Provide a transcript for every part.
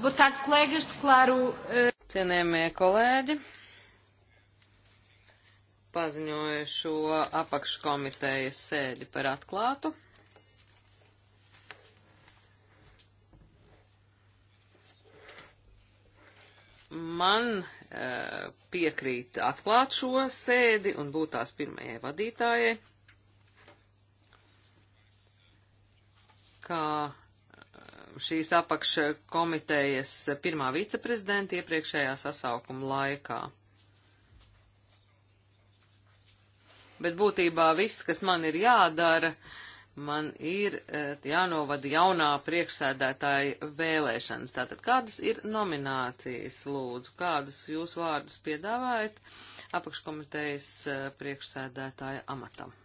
Boa tarde, colegas. Declaro. Uh... Eh, Cienējamie kolēģi, paziņoju šo apakškomitejas sēdi par atklātu. Man uh, piekrīt atklāt šo sēdi un būt tās pirmajai vadītājai. šīs apakškomitejas pirmā viceprezidenta iepriekšējā sasaukuma laikā. Bet būtībā viss, kas man ir jādara, man ir eh, jānovada jaunā priekšsēdētāja vēlēšanas. Tātad, kādas ir nominācijas, lūdzu, kādus jūs vārdus piedāvājat apakškomitejas eh, priekšsēdētāja amatam?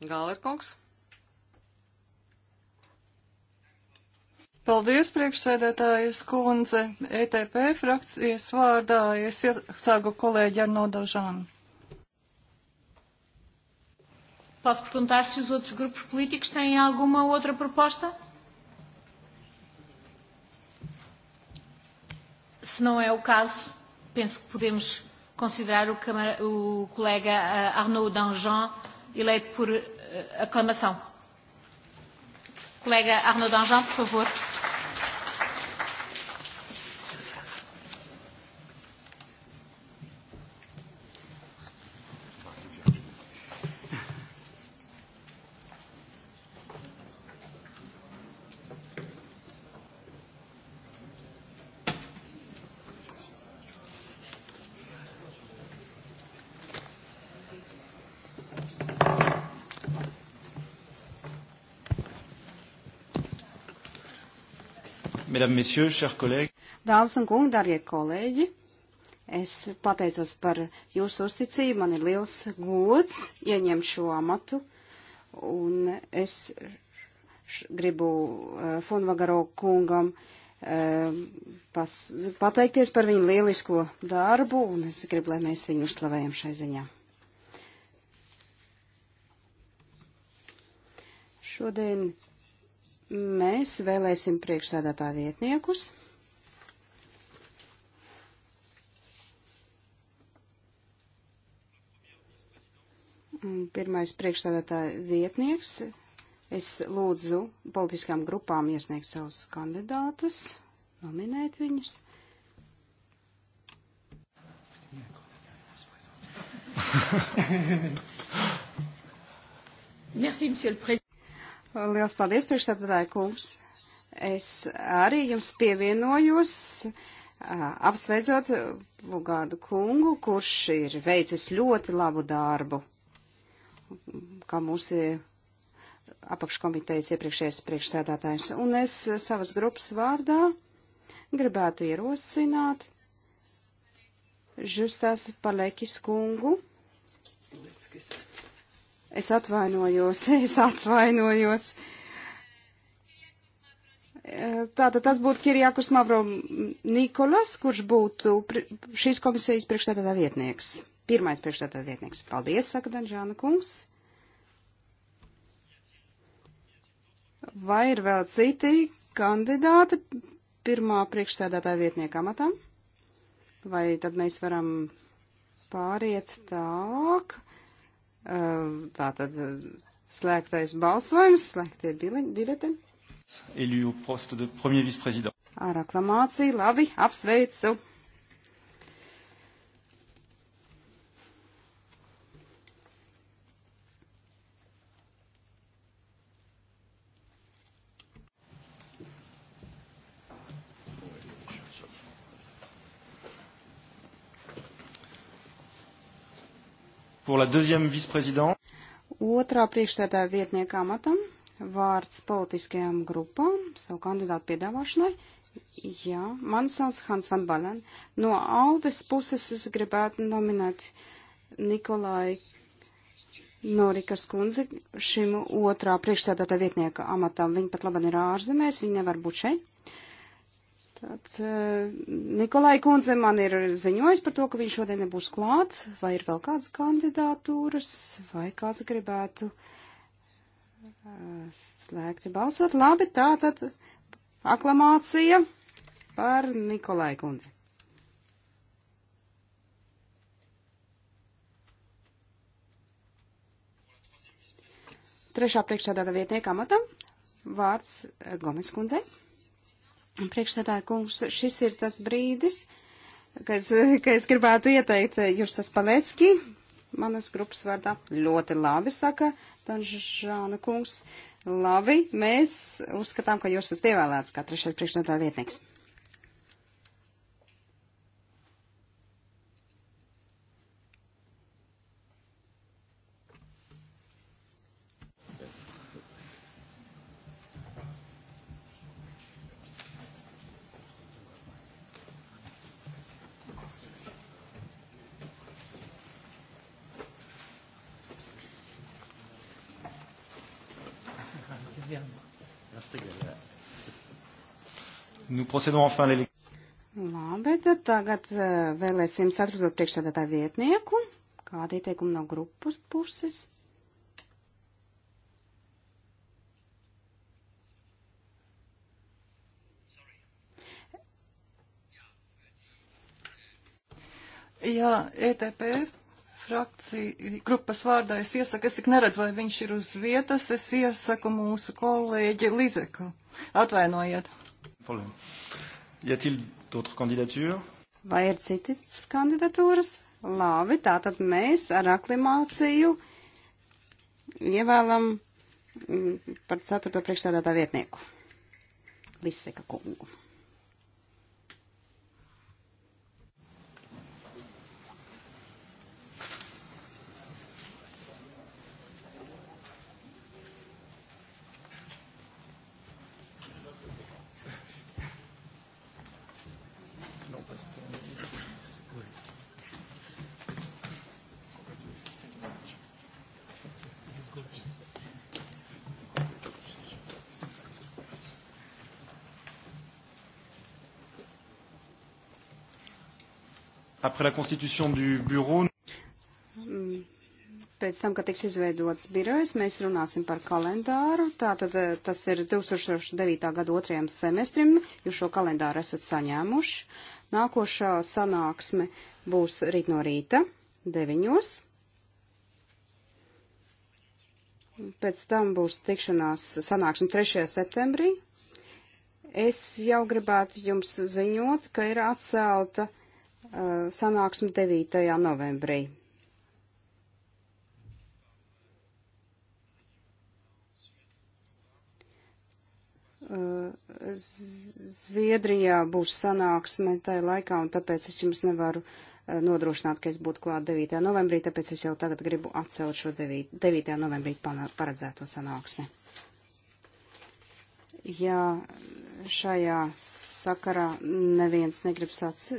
Gālerkungs. Paldies, priekšsēdētājas kundze. ETP frakcijas vārdā es iesāku kolēģi ar nodažām. Posso perguntar se os outros grupos políticos têm alguma outra proposta? Se não é o caso, penso que podemos considerar o, camara, o colega eh, Arnaud Danjean eleito por eh, aclamação. Colega Arnaud Danjean, por favor. Mesdames, Messieurs, chers collègues. Dāmas un kungi, darbie kolēģi, es pateicos par jūsu uzticību. Man ir liels gods ieņemt šo amatu. Un es gribu uh, Funvagaro kungam uh, pas, pateikties par viņu lielisko darbu, un es gribu, lai mēs viņu uzslavējam šai ziņā. Šodien Mēs vēlēsim priekšsēdētā vietniekus. Pirmais priekšstādātāja vietnieks. Es lūdzu politiskām grupām iesniegt savus kandidātus, nominēt viņus. Merci, monsieur le président. Liels paldies, priekšstādātāji kungs. Es arī jums pievienojos, apsveicot Vugādu kungu, kurš ir veicis ļoti labu darbu, kā mūsu apakškomitejas iepriekšējais priekšsēdātājs. Un es savas grupas vārdā gribētu ierosināt Žustas Palekis kungu Es atvainojos, es atvainojos. Tātad tas būtu Kirjākus Mavro Nikolas, kurš būtu šīs komisijas priekšstādātā vietnieks. Pirmais priekšstādātā vietnieks. Paldies, saka Danžāna kungs. Vai ir vēl citi kandidāti pirmā priekšsēdētāja vietnieka amatam? Vai tad mēs varam pāriet tālāk? Uh, tātad slēgtais balsojums, slēgtie biļeteni. Ar aklamāciju labi apsveicu pour la deuxième vice-présidente. Otrā priekšsēdētāja vietniekā matam vārds politiskajām grupām savu kandidātu piedāvāšanai. Jā, man sauc Hans van Balen. No Aldes puses es gribētu nominēt Nikolai Norikas kundzi šim otrā priekšsēdētāja vietnieka amatam. Viņa pat labam ir ārzemēs, viņa nevar būt šeit. Tad eh, Nikolai Kunze man ir ziņojis par to, ka viņš šodien nebūs klāt, vai ir vēl kādas kandidātūras, vai kāds gribētu eh, slēgti balsot. Labi, tā tad aklamācija par Nikolai Kunzi. Trešā priekšsēdāta vietnieka amatam vārds eh, Gomes kundzei. Priekšsēdētāji kungs, šis ir tas brīdis, ka es, ka es gribētu ieteikt Justas Palecki, manas grupas vārdā. Ļoti labi, saka Danžāna kungs. Labi, mēs uzskatām, ka jūs esat ievēlēts kā trešais priekšsēdētāja vietnieks. Nu, procedūra enfin l'élection. Labi, tad tagad eh, vēlēsim satrukot priekšsēdētāju vietnieku. Kāda ieteikuma no grupas puses? Jā, ETP frakcija, grupas vārdā es iesaku, es tik neredzu, vai viņš ir uz vietas, es iesaku mūsu kolēģi Lizeku. Atvainojiet. Vai ir citas kandidatūras? Labi, tātad mēs ar aklimāciju ievēlam mm, par ceturto priekšsēdētā vietnieku. Liseka kungu. Après la constitution du bureau. Mm. Pēc tam, kad tiks izveidots birojs, mēs runāsim par kalendāru. Tātad eh, tas ir 2009. gada otrajam semestrim. Jūs šo kalendāru esat saņēmuši. Nākošā sanāksme būs rīt no rīta, 9. Pēc tam būs tikšanās sanāksme 3. septembrī. Es jau gribētu jums ziņot, ka ir atcelta Eh, sanāksmi 9. novembrī. Eh, Zviedrijā būs sanāksme tajā laikā, un tāpēc es jums nevaru eh, nodrošināt, ka es būtu klāt 9. novembrī, tāpēc es jau tagad gribu atcelt šo 9. 9. novembrī paredzēto sanāksmi. Ja šajā sakarā neviens negrib sāc